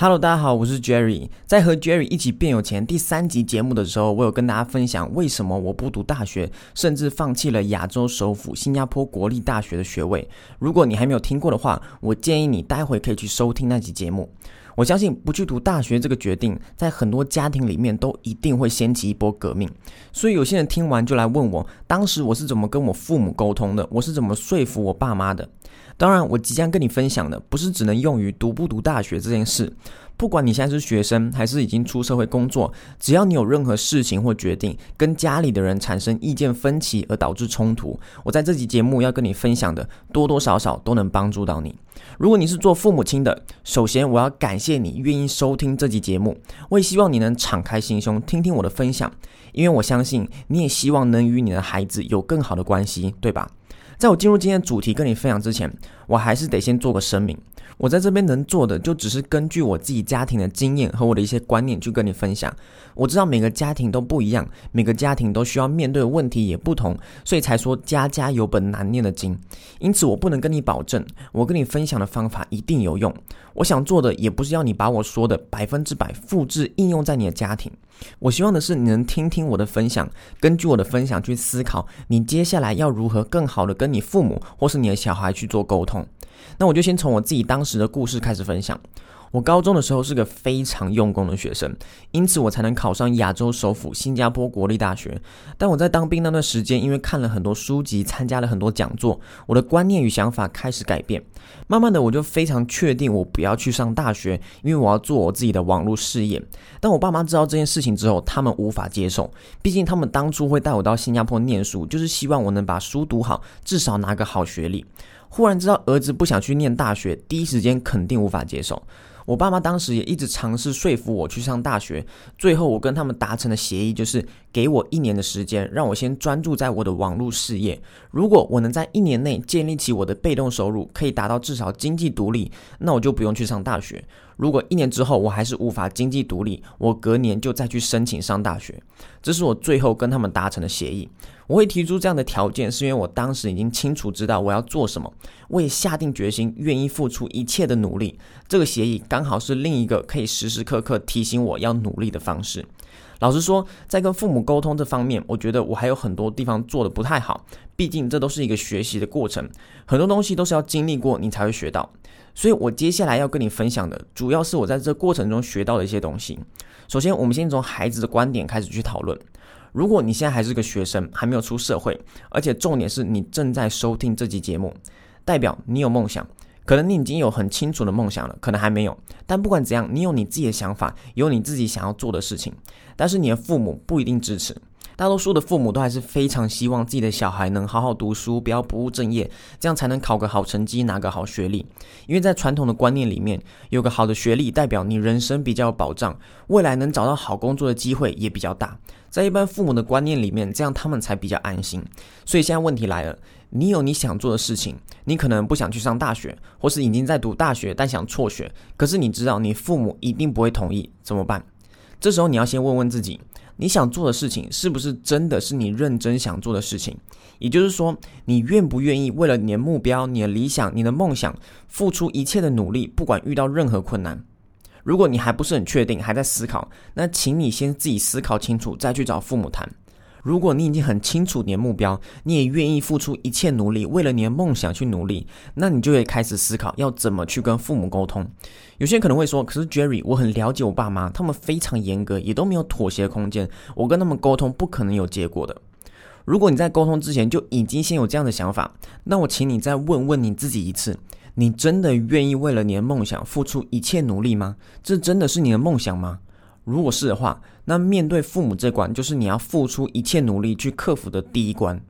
哈嘍，Hello, 大家好，我是 Jerry。在和 Jerry 一起變有錢第三集節目的時候，我有跟大家分享為什麼我不讀大學，甚至放棄了亞洲首府新加坡國立大學的學位。如果你還沒有聽過的話，我建議你待會可以去收聽那集節目。我相信不去讀大學這個決定，在很多家庭裡面都一定會掀起一波革命。所以有些人聽完就來問我，當時我是怎麼跟我父母溝通的，我是怎麼說服我爸媽的。當然，我即將跟你分享的，不是只能用於讀不讀大學這件事。不管你現在是學生，還是已經出社會工作，只要你有任何事情或決定跟家裡的人產生意見分歧而導致衝突，我在這集節目要跟你分享的，多多少少都能幫助到你。如果你是做父母親的，首先我要感謝你願意收聽這集節目，我也希望你能敞開心胸聽聽我的分享，因為我相信你也希望能與你的孩子有更好的關係，對吧？在我進入今天的主題跟你分享之前，我還是得先做個聲明。我在這邊能做的，就只是根據我自己家庭的經驗和我的一些觀念去跟你分享。我知道每個家庭都不一樣，每個家庭都需要面對的問題也不同，所以才說家家有本難念的經。因此，我不能跟你保證，我跟你分享的方法一定有用。我想做的，也不是要你把我說的百分之百複製應用在你的家庭。我希望的是，你能聽聽我的分享,根據我的分享去思考，你接下來要如何更好的跟你父母或是你的小孩去做溝通。那我就先從我自己當時的故事開始分享。我高中的時候是個非常用功的學生，因此我才能考上亞洲首府新加坡國立大學。但我在當兵那段時間，因為看了很多書籍，參加了很多講座，我的觀念與想法開始改變。慢慢的，我就非常確定我不要去上大學，因為我要做我自己的網絡事業。但我爸媽知道這件事情之後，他們無法接受，畢竟他們當初會帶我到新加坡念書，就是希望我能把書讀好，至少拿個好學歷。忽然知道兒子不想去念大學，第一時間肯定無法接受。我爸媽當時也一直嘗試說服我去上大學，最後我跟他們達成的協議就是，給我一年的時間，讓我先專注在我的網絡事業。如果我能在一年內建立起我的被動收入，可以達到至少經濟獨立，那我就不用去上大學。如果一年之後我還是無法經濟獨立，我隔年就再去申請上大學。這是我最後跟他們達成的協議。我會提出這樣的條件，是因為我當時已經清楚知道我要做什麼，我也下定決心，願意付出一切的努力。這個協議剛好是另一個可以時時刻刻提醒我要努力的方式。老實說，在跟父母溝通這方面，我覺得我還有很多地方做得不太好。畢竟這都是一個學習的過程，很多東西都是要經歷過你才會學到。所以我接下來要跟你分享的，主要是我在這過程中學到的一些東西。首先，我們先從孩子的觀點開始去討論。如果你現在還是個學生，還沒有出社會，而且重點是你正在收聽這集節目，代表你有夢想。可能你已經有很清楚的夢想了，可能還沒有，但不管怎樣，你有你自己的想法，有你自己想要做的事情，但是你的父母不一定支持。大多數的父母都還是非常希望自己的小孩能好好讀書，不要不務正業，這樣才能考個好成績，拿個好學歷。因為在傳統的觀念裡面，有個好的學歷代表你人生比較有保障，未來能找到好工作的機會也比較大。在一般父母的觀念裡面，這樣他們才比較安心。所以現在問題來了，你有你想做的事情，你可能不想去上大學，或是已經在讀大學，但想輟學，可是你知道你父母一定不會同意，怎麼辦？這時候你要先問問自己。你想做的事情是不是真的是你認真想做的事情？也就是說，你願不願意為了你的目標、你的理想、你的夢想付出一切的努力，不管遇到任何困難。如果你還不是很確定，還在思考，那請你先自己思考清楚，再去找父母談。如果你已經很清楚你的目標，你也願意付出一切努力，為了你的夢想去努力，那你就會開始思考要怎麼去跟父母溝通。有些人可能會說：“可是 Jerry，我很了解我爸媽，他們非常嚴格，也都沒有妥協空間，我跟他們溝通不可能有結果的。”如果你在溝通之前就已經先有這樣的想法，那我請你再問問你自己一次：你真的願意為了你的夢想付出一切努力嗎？這真的是你的夢想嗎？如果是的話，那面對父母這關就是你要付出一切努力去克服的第一關。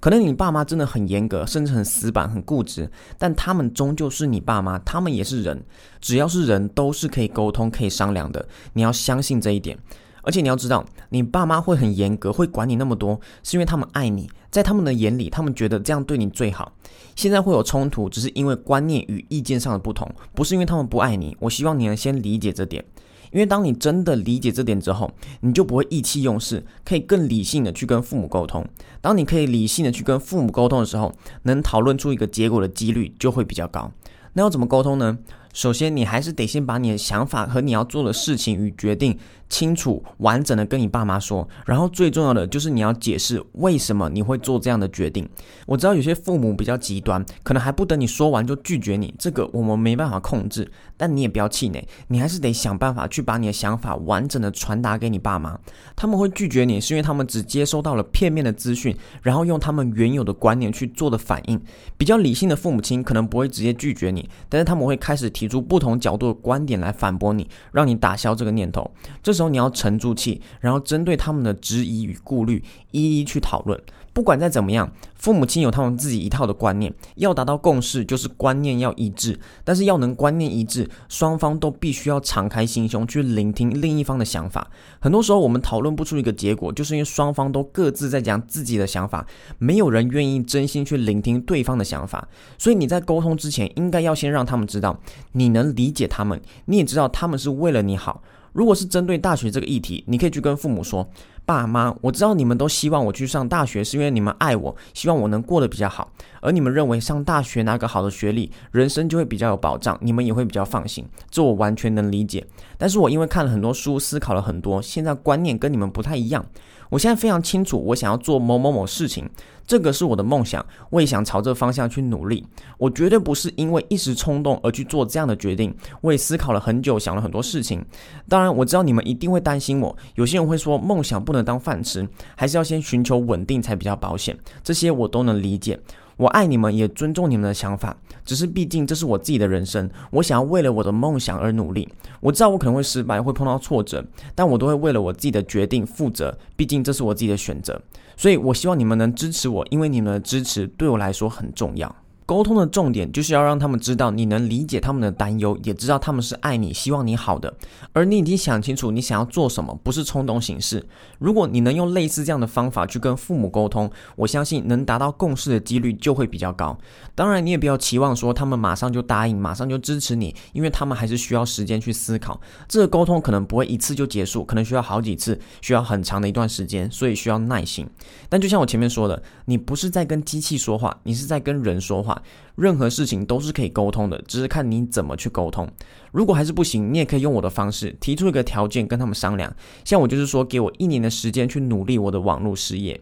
可能你爸媽真的很嚴格，甚至很死板、很固執，但他們終究是你爸媽，他們也是人。只要是人，都是可以溝通、可以商量的。你要相信這一點，而且你要知道，你爸媽會很嚴格，會管你那麼多，是因為他們愛你，在他們的眼裡，他們覺得這樣對你最好。現在會有衝突，只是因為觀念與意見上的不同，不是因為他們不愛你。我希望你能先理解這點。因為當你真的理解這點之後，你就不會意氣用事，可以更理性的去跟父母溝通。當你可以理性的去跟父母溝通的時候，能討論出一個結果的幾率就會比較高。那要怎麼溝通呢？首先，你還是得先把你的想法和你要做的事情與決定清楚、完整的跟你爸媽說。然後，最重要的就是你要解釋為什麼你會做這樣的決定。我知道有些父母比較極端，可能還不等你說完就拒絕你。這個我們沒辦法控制，但你也不要氣餒，你還是得想辦法去把你的想法完整的傳達給你爸媽。他們會拒絕你，是因為他們只接收到了片面的資訊，然後用他們原有的觀念去做的反應。比較理性的父母親可能不會直接拒絕你，但是他們會開始提出不同角度的觀點來反駁你，讓你打消這個念頭。這時候你要沉住氣，然後針對他們的質疑與顧慮一一去討論。不管再怎麼樣，父母親有他們自己一套的觀念，要達到共識就是觀念要一致。但是要能觀念一致，雙方都必須要敞開心胸去聆聽另一方的想法。很多時候我們討論不出一個結果，就是因為雙方都各自在講自己的想法，沒有人願意真心去聆聽對方的想法。所以你在溝通之前，應該要先讓他們知道你能理解他們，你也知道他們是為了你好。如果是針對大學這個議題，你可以去跟父母說。爸媽，我知道你們都希望我去上大學，是因為你們愛我，希望我能過得比較好。而你們認為上大學拿個好的學歷，人生就會比較有保障，你們也會比較放心。這我完全能理解。但是我因為看了很多書，思考了很多，現在觀念跟你們不太一樣。我現在非常清楚，我想要做某某某事情，這個是我的夢想，我也想朝這個方向去努力。我絕對不是因為一時衝動而去做這樣的決定。我也思考了很久，想了很多事情。當然，我知道你們一定會擔心我。有些人會說，夢想不能當飯吃，還是要先尋求穩定才比較保險。這些我都能理解，我愛你們，也尊重你們的想法。只是畢竟這是我自己的人生，我想要為了我的夢想而努力。我知道我可能會失敗，會碰到挫折，但我都會為了我自己的決定負責。畢竟這是我自己的選擇，所以我希望你們能支持我，因為你們的支持對我來說很重要。溝通的重點就是要讓他們知道你能理解他們的擔憂，也知道他們是愛你、希望你好的，而你已經想清楚你想要做什麼，不是衝動行事。如果你能用類似這樣的方法去跟父母溝通，我相信能達到共識的幾率就會比較高。當然，你也不要期望說他們馬上就答應、馬上就支持你，因為他們還是需要時間去思考。這個溝通可能不會一次就結束，可能需要好幾次，需要很長的一段時間，所以需要耐心。但就像我前面說的，你不是在跟機器說話，你是在跟人說話。任何事情都是可以溝通的，只是看你怎麼去溝通。如果還是不行，你也可以用我的方式提出一個條件跟他們商量。像我就是說，給我一年的時間去努力我的網絡事業。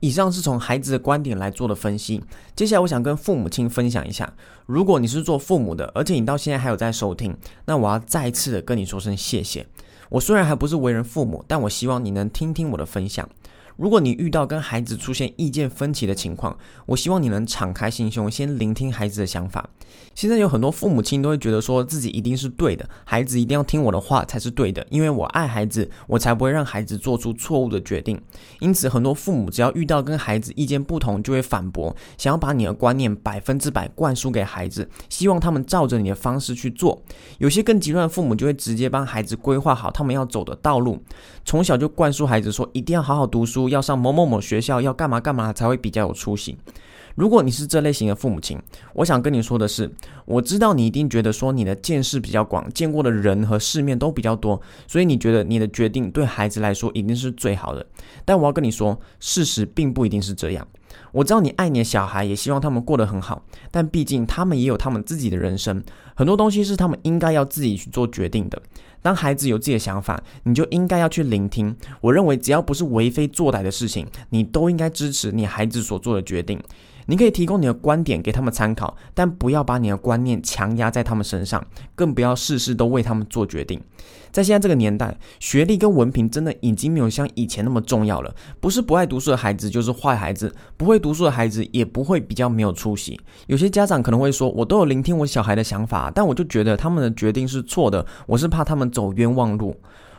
以上是從孩子的觀點來做的分析。接下來，我想跟父母親分享一下。如果你是做父母的，而且你到現在還有在收聽，那我要再次的跟你說聲謝謝。我雖然還不是為人父母，但我希望你能聽聽我的分享。如果你遇到跟孩子出現意見分歧的情況，我希望你能敞開心胸，先聆聽孩子的想法。現在有很多父母親都會覺得說自己一定是對的，孩子一定要聽我的話才是對的，因為我愛孩子，我才不會讓孩子做出錯誤的決定。因此，很多父母只要遇到跟孩子意見不同，就會反駁，想要把你的觀念百分之百灌輸給孩子，希望他們照着你的方式去做。有些更極端的父母就會直接幫孩子規劃好他們要走的道路，從小就灌輸孩子說一定要好好讀書，要上某某某學校，要幹嘛幹嘛才會比較有出息。如果你是這類型的父母親，我想跟你說的是，我知道你一定覺得說你的見識比較廣，見過的人和世面都比較多，所以你覺得你的決定對孩子來說一定是最好的。但我要跟你說，事實並不一定是這樣。我知道你愛你的小孩，也希望他們過得很好，但畢竟他們也有他們自己的人生，很多東西是他們應該要自己去做決定的。當孩子有自己的想法，你就應該要去聆聽。我認為，只要不是為非作歹的事情，你都應該支持你孩子所做的決定。你可以提供你的觀點給他們參考，但不要把你的觀念強壓在他們身上，更不要事事都為他們做決定。在現在這個年代，學歷跟文憑真的已經沒有像以前那麼重要了。不是不愛讀書的孩子，就是壞孩子；不會讀書的孩子，也不會比較沒有出息。有些家長可能會說：“我都有聆聽我小孩的想法，但我就覺得他們的決定是錯的，我是怕他們走冤枉路。”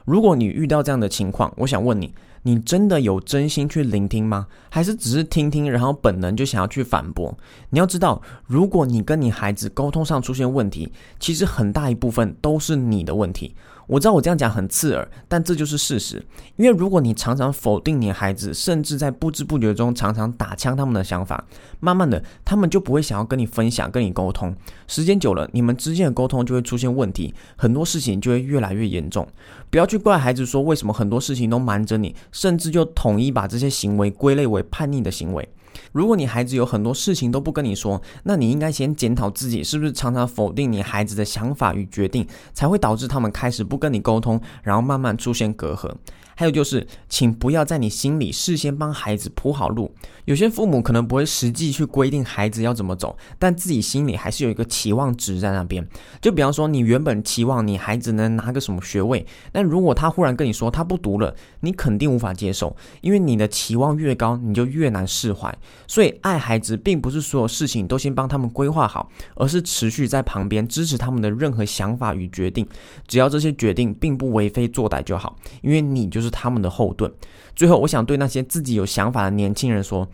如果你遇到這樣的情況，我想問你。你真的有真心去聆聽嗎？還是只是聽聽，然後本能就想要去反駁？你要知道，如果你跟你孩子溝通上出現問題，其實很大一部分都是你的問題。我知道我這樣講很刺耳，但這就是事實。因為如果你常常否定你孩子，甚至在不知不覺中常常打槍他們的想法，慢慢的他們就不會想要跟你分享、跟你溝通。時間久了，你們之間的溝通就會出現問題，很多事情就會越來越嚴重。不要去怪孩子說，為什麼很多事情都瞞着你，甚至就統一把這些行為歸類為叛逆的行為。如果你孩子有很多事情都不跟你說，那你應該先檢討自己，是不是常常否定你孩子的想法與決定，才會導致他們開始不跟你溝通，然後慢慢出現隔閡。還有就是，請不要在你心裡事先幫孩子鋪好路。有些父母可能不會實際去規定孩子要怎麼走，但自己心裡還是有一個期望值在那邊。就比方說，你原本期望你孩子能拿個什麼學位，但如果他忽然跟你說他不讀了，你肯定無法接受，因為你的期望越高，你就越難釋懷。所以，愛孩子並不是所有事情都先幫他們規劃好，而是持續在旁邊支持他們的任何想法與決定，只要這些決定並不為非作歹就好，因為你就是。他們的後盾。最後，我想對那些自己有想法的年輕人說。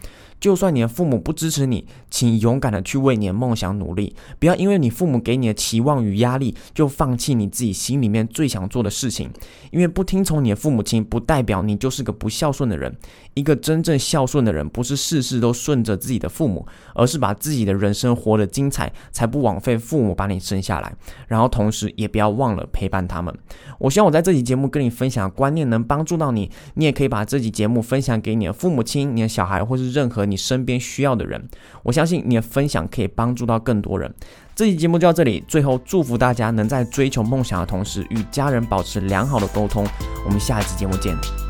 就算你的父母不支持你，請勇敢地去為你的夢想努力，不要因為你父母給你的期望與壓力就放棄你自己心裡面最想做的事情。因為不聽從你的父母親，不代表你就是個不孝順的人。一個真正孝順的人，不是事事都順着自己的父母，而是把自己的人生活得精彩，才不枉費父母把你生下來。然後，同時也不要忘了陪伴他們。我希望我在這期節目跟你分享的觀念能幫助到你，你也可以把這期節目分享給你的父母親、你的小孩，或是任何你。身邊需要的人，我相信你的分享可以幫助到更多人。這期節目就到這裡，最後祝福大家能在追求夢想的同時，與家人保持良好的溝通。我們下一期節目見。